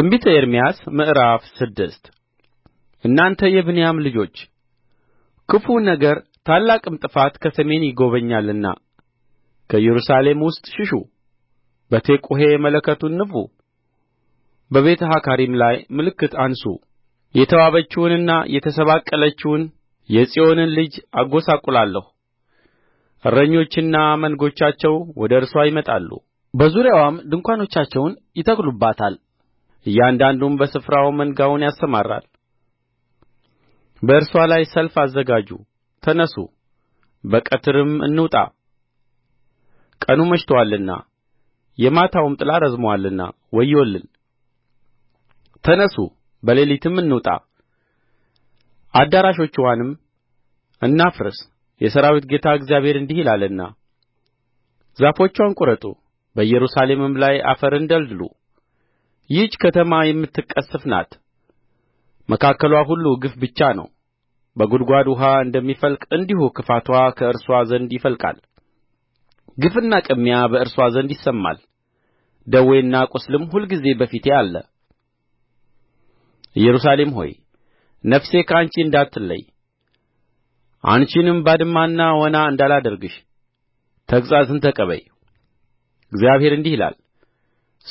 ትንቢተ ኤርምያስ ምዕራፍ ስድስት እናንተ የብንያም ልጆች ክፉ ነገር ታላቅም ጥፋት ከሰሜን ይጐበኛልና ከኢየሩሳሌም ውስጥ ሽሹ በቴቁሔ መለከቱን ንፉ በቤተ ሐካሪም ላይ ምልክት አንሡ የተዋበችውንና የተሰባቀለችውን የጽዮንን ልጅ አጐሳቍላለሁ እረኞችና መንጎቻቸው ወደ እርስዋ ይመጣሉ በዙሪያዋም ድንኳኖቻቸውን ይተክሉባታል እያንዳንዱም በስፍራው መንጋውን ያሰማራል በእርስዋ ላይ ሰልፍ አዘጋጁ ተነሡ በቀትርም እንውጣ ቀኑ መሽቶአልና የማታውም ጥላ ረዝሞአልና ወዮልን ተነሡ በሌሊትም እንውጣ አዳራሾችዋንም እናፍርስ የሠራዊት ጌታ እግዚአብሔር እንዲህ ይላልና ዛፎችዋን ቍረጡ በኢየሩሳሌምም ላይ አፈርን ደልድሉ ይህች ከተማ የምትቀሠፍ ናት መካከልዋ ሁሉ ግፍ ብቻ ነው በጕድጓድ ውኃ እንደሚፈልቅ እንዲሁ ክፋትዋ ከእርስዋ ዘንድ ይፈልቃል ግፍና ቅሚያ በእርስዋ ዘንድ ይሰማል ደዌና ቍስልም ሁልጊዜ በፊቴ አለ ኢየሩሳሌም ሆይ ነፍሴ ከአንቺ እንዳትለይ አንቺንም ባድማና ወና እንዳላደርግሽ ተግሣጽን ተቀበዪ። እግዚአብሔር እንዲህ ይላል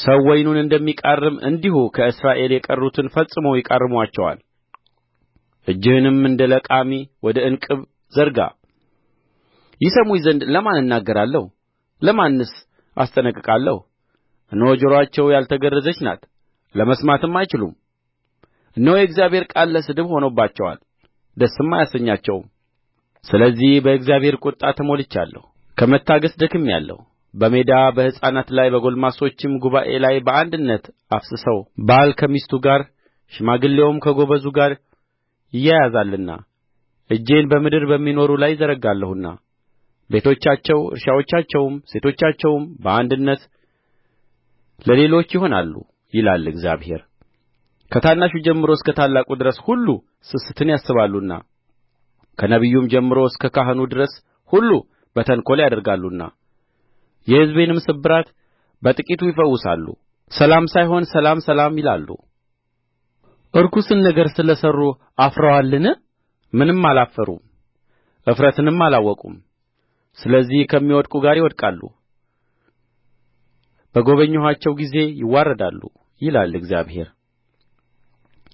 ሰው ወይኑን እንደሚቃርም እንዲሁ ከእስራኤል የቀሩትን ፈጽሞ ይቃርሙአቸዋል እጅህንም እንደ ለቃሚ ወደ እንቅብ ዘርጋ ይሰሙኝ ዘንድ ለማን እናገራለሁ ለማንስ አስጠነቅቃለሁ እነሆ ጆሮአቸው ያልተገረዘች ናት ለመስማትም አይችሉም እነሆ የእግዚአብሔር ቃል ለስድብ ሆኖባቸዋል ደስም አያሰኛቸውም ስለዚህ በእግዚአብሔር ቍጣ ተሞልቻለሁ ከመታገሥ ደክሜአለሁ በሜዳ በሕፃናት ላይ በጕልማሶችም ጉባኤ ላይ በአንድነት አፍስሰው ባል ከሚስቱ ጋር ሽማግሌውም ከጎበዙ ጋር ይያያዛልና እጄን በምድር በሚኖሩ ላይ እዘረጋለሁና ቤቶቻቸው እርሻዎቻቸውም ሴቶቻቸውም በአንድነት ለሌሎች ይሆናሉ ይላል እግዚአብሔር ከታናሹ ጀምሮ እስከ ታላቁ ድረስ ሁሉ ስስትን ያስባሉና ከነቢዩም ጀምሮ እስከ ካህኑ ድረስ ሁሉ በተንኰል ያደርጋሉና የሕዝቤንም ስብራት በጥቂቱ ይፈውሳሉ ሰላም ሳይሆን ሰላም ሰላም ይላሉ ርኩስን ነገር ስለ ሠሩ አፍረዋልን ምንም አላፈሩም እፍረትንም አላወቁም ስለዚህ ከሚወድቁ ጋር ይወድቃሉ በጐበኘኋቸው ጊዜ ይዋረዳሉ ይላል እግዚአብሔር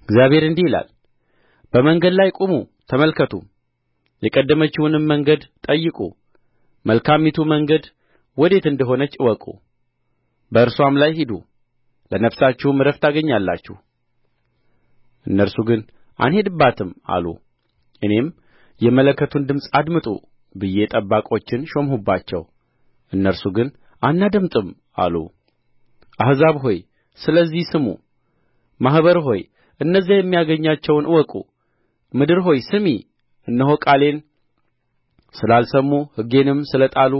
እግዚአብሔር እንዲህ ይላል በመንገድ ላይ ቁሙ ተመልከቱም የቀደመችውንም መንገድ ጠይቁ መልካሚቱ መንገድ ወዴት እንደ ሆነች እወቁ በእርስዋም ላይ ሂዱ ለነፍሳችሁም ዕረፍት ታገኛላችሁ እነርሱ ግን አንሄድባትም አሉ እኔም የመለከቱን ድምፅ አድምጡ ብዬ ጠባቆችን ሾምሁባቸው እነርሱ ግን አናደምጥም አሉ አሕዛብ ሆይ ስለዚህ ስሙ ማኅበር ሆይ እነዚያ የሚያገኛቸውን እወቁ ምድር ሆይ ስሚ እነሆ ቃሌን ስላልሰሙ ሕጌንም ስለ ጣሉ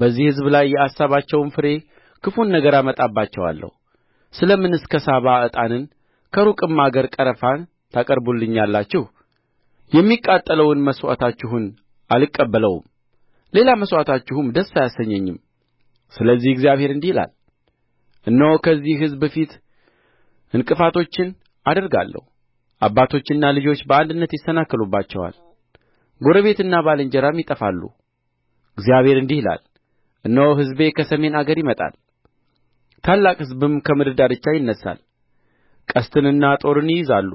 በዚህ ሕዝብ ላይ የአሳባቸውን ፍሬ ክፉን ነገር አመጣባቸዋለሁ ስለ ምንስ ከሳባ ዕጣንን ከሩቅም አገር ቀረፋን ታቀርቡልኛላችሁ የሚቃጠለውን መሥዋዕታችሁን አልቀበለውም ሌላ መሥዋዕታችሁም ደስ አያሰኘኝም ስለዚህ እግዚአብሔር እንዲህ ይላል እነሆ ከዚህ ሕዝብ ፊት ዕንቅፋቶችን አደርጋለሁ አባቶችና ልጆች በአንድነት ይሰናከሉባቸዋል ጎረቤትና ባልንጀራም ይጠፋሉ እግዚአብሔር እንዲህ ይላል እነሆ ሕዝቤ ከሰሜን አገር ይመጣል ታላቅ ሕዝብም ከምድር ዳርቻ ይነሣል ቀስትንና ጦርን ይይዛሉ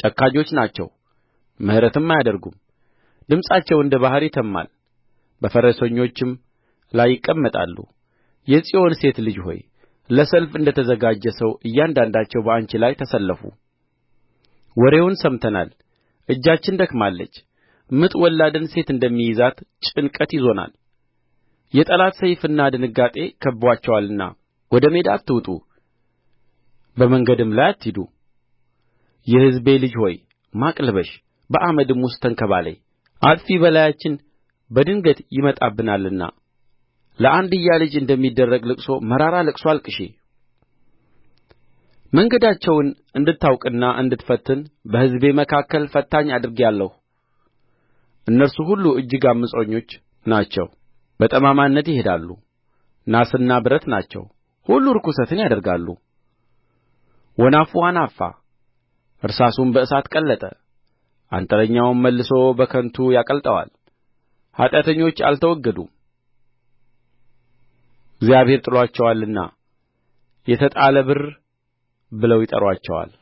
ጨካኞች ናቸው ምሕረትም አያደርጉም ድምፃቸው እንደ ባሕር ይተምማል በፈረሰኞችም ላይ ይቀመጣሉ የጽዮን ሴት ልጅ ሆይ ለሰልፍ እንደ ተዘጋጀ ሰው እያንዳንዳቸው በአንቺ ላይ ተሰለፉ ወሬውን ሰምተናል እጃችን ደክማለች ምጥ ወላድን ሴት እንደሚይዛት ጭንቀት ይዞናል የጠላት ሰይፍና ድንጋጤ ከብቦአቸዋልና ወደ ሜዳ አትውጡ በመንገድም ላይ አትሂዱ የሕዝቤ ልጅ ሆይ ማቅ ልበሽ በአመድም ውስጥ ተንከባለዪ አጥፊ በላያችን በድንገት ይመጣብናልና ለአንድያ ልጅ እንደሚደረግ ልቅሶ መራራ ልቅሶ አልቅሺ መንገዳቸውን እንድታውቅና እንድትፈትን በሕዝቤ መካከል ፈታኝ አድርጌአለሁ እነርሱ ሁሉ እጅግ ዓመፀኞች ናቸው በጠማማነት ይሄዳሉ ናስና ብረት ናቸው ሁሉ ርኵሰትን ያደርጋሉ ወናፉ አናፋ እርሳሱም በእሳት ቀለጠ አንጥረኛውም መልሶ በከንቱ ያቀልጠዋል ኃጢአተኞች አልተወገዱም እግዚአብሔር ጥሎአቸዋልና የተጣለ ብር ብለው ይጠሩአቸዋል